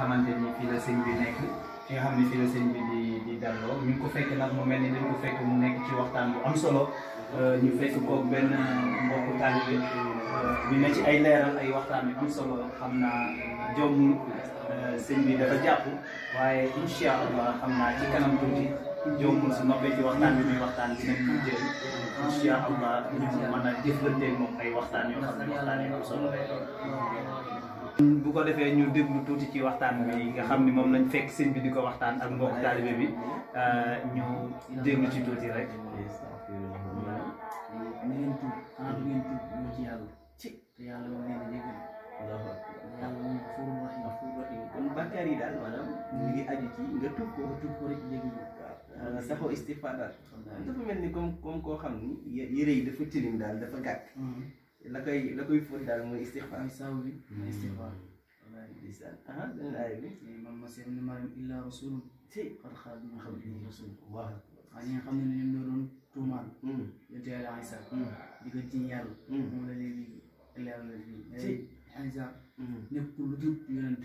xamante ni fii la sëñ bi nekk fi nga xam ne fii la bi di di dalloo ñu ngi ko fekk nag mu mel ni dañ ko fekk mu nekk ci waxtaan bu am solo euh, ñu fekk koog benn mbokku taalibe euh, bi ne ci ay leeral ay waxtaan bi am solo xam naa jomm euh, sëñ bi dafa jàpp waaye incha allah xam naa ci kanam tuuti. ñoom suma noppee ci waxtaan bi muy waxtaan bi nañ ñu jël incha a jëflanteeg moom ay waxtaan yoo xam bu ko defee ñu déglu tuuti ci waxtaan bi nga xam ni moom lañ fekk sëñ bi di ko waxtaan ak mbokk taalibe bi ñu déglu ci tuuti rek. te yàlla moom nee ñu ngi aju ci nga tuub ko tuub ko rek léegi waaw saxoo istighfar daal dafa mel ni comme comme koo xam ni yére yi dafa tilim daal dafa gàtt mm-hmm. la koy la koy fóot daal mooy istighfar saw bi mooy mm-hmm. istighfar ndeysaan aha beneen bi man masiih ibnu maryam illaa rasulun qad xaalat min qablihi rusul waaw ñi nga xam ne ñoom ñoo doon tuumaal mm-hmm. yonent yàlla di ko jiñ yàlla moom la léegi leeral la fii lu jub yonent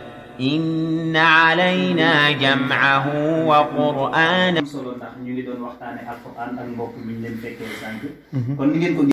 إن علينا جمعه وقرآنه